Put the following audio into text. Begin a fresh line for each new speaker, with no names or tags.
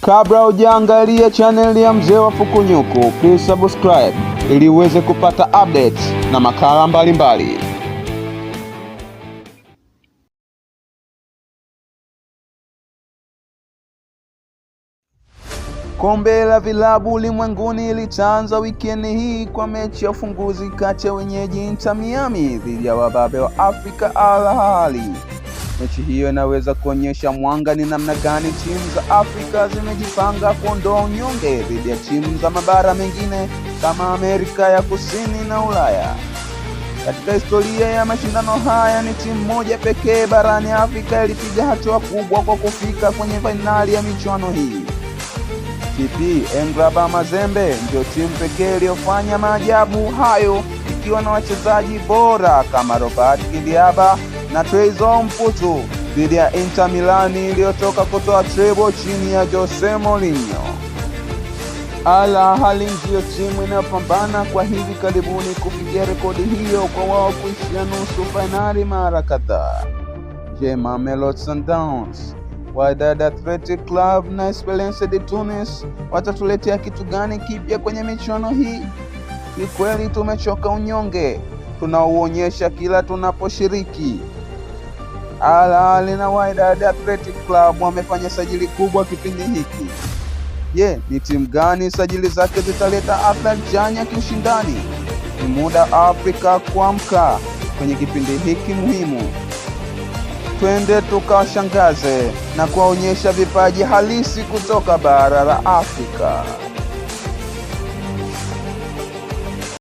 Kabla hujaangalia chaneli ya Mzee wa Fukunyuku, please subscribe ili uweze kupata updates na makala mbalimbali mbali.
Kombe la vilabu ulimwenguni litaanza wikendi hii kwa mechi ya ufunguzi kati ya wenyeji Inter Miami dhidi ya wababe wa Afrika Al Ahly. Mechi hiyo inaweza kuonyesha mwanga ni namna gani timu za Afrika zimejipanga kuondoa unyonge dhidi ya timu za mabara mengine kama Amerika ya Kusini na Ulaya. Katika historia ya mashindano haya ni timu moja pekee barani Afrika ilipiga hatua kubwa kwa kufika kwenye fainali ya michuano hii. TP Englaba Mazembe ndiyo timu pekee iliyofanya maajabu hayo ikiwa na wachezaji bora kama Robert Kiliaba na Trezor Mputu dhidi ya Inter Milani iliyotoka kutoa trebo chini ya Jose Mourinho. Al Ahly ndiyo timu inayopambana kwa hivi karibuni kufikia rekodi hiyo kwa wao kuishia nusu fainali mara kadhaa. Je, Mamelodi Sundowns, Wydad Athletic Club na Esperance de Tunis watatuletea kitu gani kipya kwenye michuano hii? Ni kweli tumechoka unyonge tunaoonyesha kila tunaposhiriki. Al Ahly na Wydad Athletic Club wamefanya sajili kubwa kipindi hiki. Je, ni timu gani sajili zake zitaleta athari chanya kiushindani? Ni muda Afrika kuamka kwenye kipindi hiki muhimu. Twende tukawashangaze na kuwaonyesha vipaji halisi kutoka bara la Afrika.